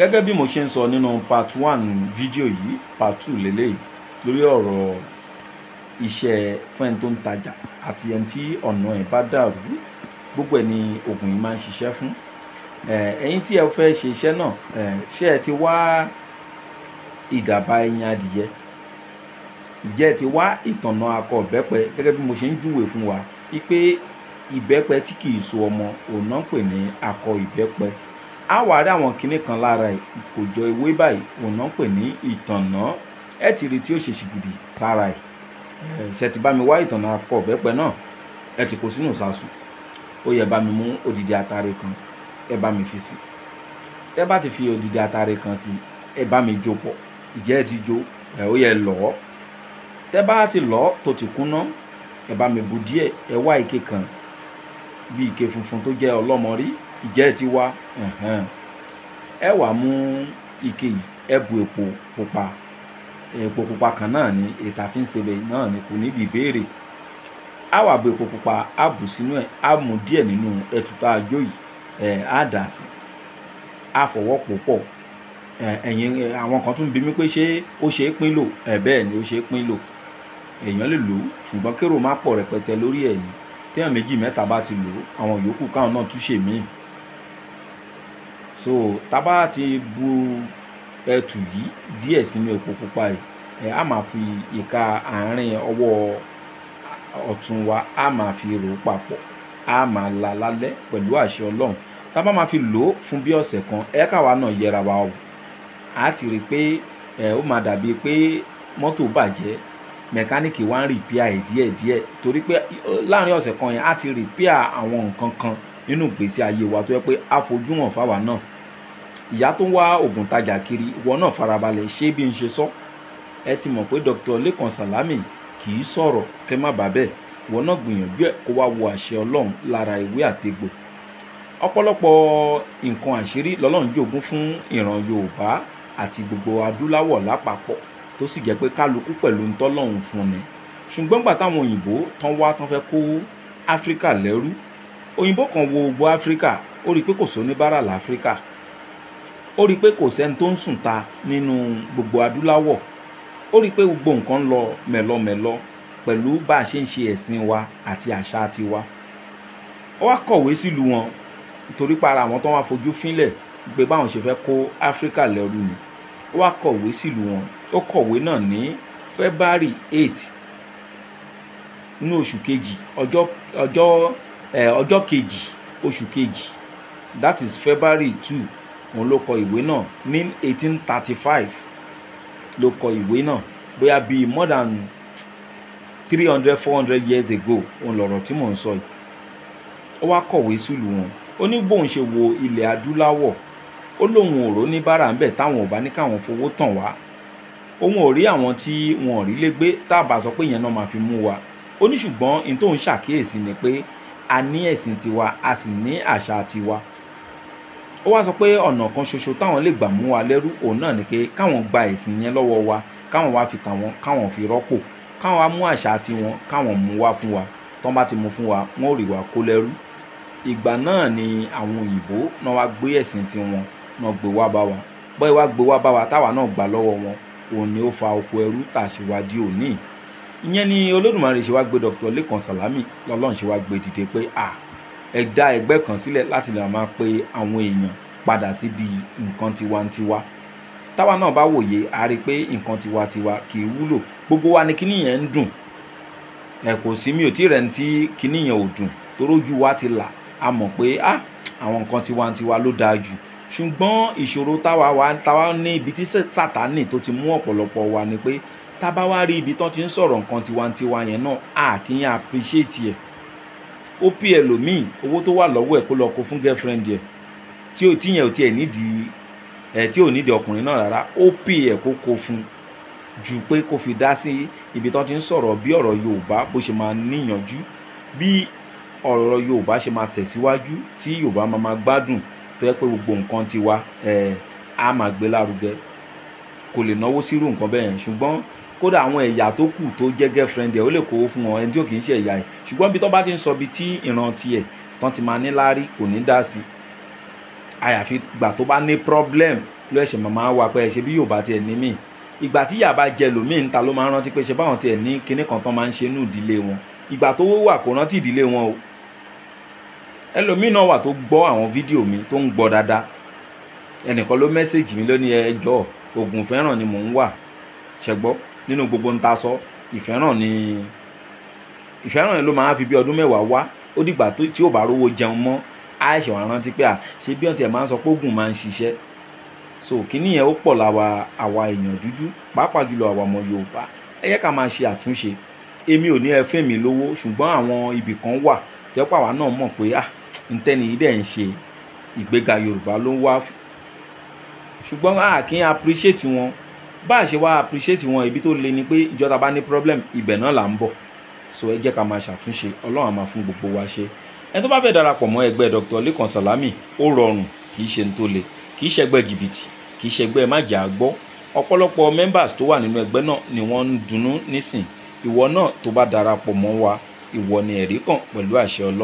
gẹ́gẹ́ bí mo ṣe ń sọ nínú part one fídíò yìí part two lélẹ́yìí lórí ọ̀rọ̀ iṣẹ́ fún ẹni tó ń tajà àti ẹni tí ọ̀nà ẹ̀ bá dàrú gbogbo ẹ̀ ni oògùn yìí máa ń ṣiṣẹ́ fún ẹ̀yin tí ẹ fẹ́ ṣe iṣẹ́ náà ṣé ẹ ti wá ìgàba ẹyin adìyẹ ìjẹ́ ẹ ti wá ìtànà akọ ìbẹ́pẹ gẹ́gẹ́ bí mo ṣe ń júwèé fún wa wípé ìbẹ́pẹ tí kì í so ọmọ òun náà pè ní akọ ìbẹ́pẹ A wà á rí àwọn kinní kan lára ìkòjọ ewé báyìí òun náà pè ní ìtànná ẹ ti rí tí ó ṣe ṣìgìdì sára ẹ̀ ṣe ti bá mi wá ìtànná akọ ọ̀bẹ́pẹ náà ẹ ti kó sínú ìsasùn ó yẹ bá mi mú odidi atare kan ẹ bá mi fi sí ẹ bá ti fi odidi atare kan sí ẹ bá mi jó pọ̀ ìjẹ́ ẹ ti jó ẹ ó yẹ lọ́ọ́ tẹ́ bá ti lọ́ tó ti kúná ẹ bá mi bu díẹ̀ ẹ wá ike kan bí ike funfun tó jẹ́ ọlọ́mọrí ìjẹ́ ti wá ẹ wà mú ike yìí ẹ bu epo pupa epo pupa kan náà ni ètà fi ń sebẹ̀ náà ni kò nídìí ìbéèrè á wà bu epo pupa á bù sínú ẹ̀ á mú díẹ̀ nínú ẹ̀tútà àjò yìí ẹ̀ á dà sí á fọwọ́ pò pọ̀ ẹ̀yin àwọn kan tún bí mi pé ṣé ó ṣe é pín lò ẹ̀ bẹ́ẹ̀ ni ó ṣe é pín lò èèyàn lè lò ó ṣùgbọ́n kérò má pọ̀ rẹpẹtẹ lórí ẹ̀yìn téèyàn méjì mẹ́ta bá ti lò ó àwọn yòókù káwọn náà túṣe míì so tábà ti bu ẹtù yìí díẹ̀ sínú epo pupa yìí ẹ á máa fi ìka àárín ọwọ́ ọ̀tún wa á máa fi rò ó papọ̀ á máa la lálẹ́ pẹ̀lú àṣẹ ọlọ́run tábà máa fi lò ó fún bí ọ̀sẹ̀ kan ẹ káwa náà yẹra wa o á ti rí i pé ẹ ó máa dàbí pé mọ́tò bàjẹ́ mẹkáníìkì wa ń rìpíà ẹ̀ díẹ̀díẹ̀ torí pé láàrin ọ̀sẹ̀ kan yẹn á ti rìpíà àwọn nǹkan kan. kan nínú ìgbésí ayé wa tó yẹ pé á fojú hàn fáwa náà ìyá tó ń wá oògùn tajà kiri ìwọ náà farabalẹ̀ ṣé bí n ṣe sọ ẹ ti mọ̀ pé Dr. Lẹ́kan Sàlámì kì í sọ̀rọ̀ kẹ́ má bàa bẹ́ẹ̀ ìwọ náà gbìyànjú ẹ̀ kó wá wo àṣẹ Ọlọ́run lára ìwé àtegbò ọ̀pọ̀lọpọ̀ nǹkan àṣírí lọ́lọ́run jogún fún ìran Yorùbá àti gbogbo adúláwọ̀ lápapọ̀ tó sì jẹ́ pé kálukú pẹ̀lú ń fún ni ṣùgbọ́n gbà táwọn òyìnbó tán wá tán fẹ́ kó Áfíríkà lẹ́rú òyìnbó kan wo gbogbo áfíríkà ó rí i pé kò sóníbàárà láfíríkà ó rí i pé kò sẹ́ni tó ń sùn ta nínú gbogbo adúláwọ̀ ó rí i pé gbogbo nǹkan lọ mẹ̀lọmẹ̀lọ pẹ̀lú bá a ṣe ń ṣe ẹ̀sìn wa àti àṣà tiwa ó wá kọ̀wé sílùú wọn nítorí para àwọn tó wá fojú fínlẹ̀ pé báwọn ṣe fẹ́ kó áfíríkà lẹ́rú ni ó wá kọ̀wé sílùú wọn ó kọ̀wé náà ní february eight nínú oṣù kejì ọjọ́ ọjọ́ Eh, ọjọ́ kejì oṣù kejì that is February two òun ló kọ ìwé náà ní eighteen thirty five ló kọ ìwé náà bóyá bíi more than three hundred four hundred years ago òun lọ̀rọ̀ tí mò ń sọ yìí ó wá kọ̀wé sílùú wọn ó ní bóun ṣe wo ilẹ̀ adúláwọ̀ ó lóun ò rò ní bára ń bẹ̀ táwọn ò bá ní káwọn fowó tàn wá òun ò rí àwọn tí wọn ò rí lé gbé tá a bá sọ pé ìyẹn náà máa fi mú wa ó ní ṣùgbọ́n n tóun ṣàkíyèsí ni pé a ní ẹ̀sìn tiwa a sì ní àṣà tiwa ó wá sọ pé ọ̀nà kan ṣoṣo táwọn lè gbà mú wa lẹ́rú òun náà ni pé káwọn gba ẹ̀sìn yẹn lọ́wọ́ wa káwọn wá fi tàwọn káwọn fi rọ́pò káwọn wá mú àṣà tiwọn káwọn mú wá fún wa tọ́n bá ti mú fún wa wọ́n ò rí wa kó lẹ́rú ìgbà náà ni àwọn òyìnbó náà wá gbé ẹ̀sìn tiwọn náà gbé wá bá wa bọ́ẹ̀ wá gbé wá bá wa táwa náà gbà lọ́wọ́ wọn òun ni ó fa oko ẹrú tàṣíwájú òní ìyẹn ni olódùmarè ṣe wá gbé Dr. Lẹ́kan Sàlámì lọ́lọ́run ṣe wá gbé dìde pé à ẹ dá ẹgbẹ́ kan sílẹ̀ láti lè máa pe àwọn èèyàn padà síbi nǹkan tiwantiwa táwa náà bá wòye a rí i pé nǹkan tiwantiwa kì í wúlò gbogbo wa ni kíní yẹn ń dùn ẹ kò sí mi ò tí rẹ̀ ń tí kíní yẹn ò dùn torójú wa ti là a mọ̀ pé a àwọn nǹkan tiwantiwa ló dáa jù ṣùgbọ́n ìṣòro táwa wa táwa ní ibi tí sátánì tó ti mú ọ̀pọ̀lọpọ̀ wa ni pé tábá wá rí ibi tán ti ń sọ̀rọ̀ nǹkan tiwantiwa yẹn náà a kì í appreciate ẹ̀ ó pè ẹlòmíì owó tó wà lọ́wọ́ ẹ̀ kó lọ kó fún girlfriend ẹ̀ tí ò tíyẹn ò tiẹ̀ nídìí ẹ̀ tí ò nídìí ọkùnrin náà rárá ó pè ẹ̀ kó kó fún ju pé kó fi dá sí ibi tán ti ń sọ̀rọ̀ bí ọ̀rọ̀ Yorùbá bó ṣe máa níyànjú bí ọ̀rọ̀ Yorùbá ṣe máa tẹ̀síwájú tí Yorùbá máa máa gbádùn tó yẹ pé gbogbo nǹkan tiwa ẹ̀ á máa gbé lárugẹ kò lè náwó sírú nǹkan bẹ́ẹ̀ ṣùgbọ́n kódà àwọn ẹ̀yà tó kù tó jẹ́ girlfriend ẹ̀ ó lè kówó fún wọn ẹni tí ò kì í ṣe ẹ̀yà ẹ̀ ṣùgbọ́n bí tó bá ti ń sọ bí tí ìran tiẹ̀ tán ti máa ní láárí kò ní dá sí àyàfi gbà tó bá ní problem ló ẹ̀ṣẹ̀ màmá wa pé ẹ̀ṣẹ̀ bí yóò bá tiẹ̀ ní mí ìgbà tí yàrá bá jẹ lòmíì níta ló máa ń rántí pé ṣe báwọn tiẹ̀ ní kinní kan tán máa ń ṣe nù ìdílé wọn ìgbà tó wà kò rántí ìdílé wọn o ẹlòmíì náà wà tó gbọ́ àwọn fídíò mi tó ń gbọ́ dáadáa ẹnìkan ló mẹ́sẹ̀gì mi lónìí ẹjọ́ ògùn fẹ́ràn ni mò ń wà ṣẹgbọ́n nínú gbogbo nta sọ ìfẹ́ náà ni ìfẹ́ náà ló máa fi bí ọdún mẹ́wàá wá ó dìgbà tí ò bá rówó jẹun mọ́ àìṣe wàá rántí pé à ṣe bí ọ̀tí ẹ̀ máa ń sọ pé oògùn máa ń ṣiṣẹ́ so kíní yẹn ó pọ̀ láwa àwa èèyàn dúdú pàápàá jùlọ àwa ọmọ Yorùbá ẹ yẹ ká máa ṣe àtúnṣe èmi ò ní ẹ fún mi lówó ṣùgbọ́n àwọn ibì kan wà tẹ́pọ̀ àwa náà mọ̀ pé à ntẹ́ni dẹ̀ ń ṣe ìgbéga Yorùbá ló ń wá ṣùgbọ́n à kí n appreciate wọn bá a ṣe wá appreciate wọn ibi tó le ni pé ìjọba bá ní problem ibẹ̀ náà là ń bọ̀ so ẹ jẹ́ ká máa ṣàtúnṣe ọlọ́run á máa fún gbogbo wa ṣe ẹni tó bá fẹ́ darapọ̀ mọ́ ẹgbẹ́ Dr. Lekan Salami ó rọrùn kì í ṣe ní tó le kì í ṣẹgbẹ́ jìbìtì kì í ṣẹgbẹ́ májà gbọ́ ọ̀pọ̀lọpọ̀ members tó wà nínú ẹgbẹ́ náà ni wọ́n ń dunnú nísìn ìwọ náà tó bá darapọ̀ mọ́ wa ìwọ ni ẹ̀rí kan pẹ̀lú àṣẹ ọlọ́run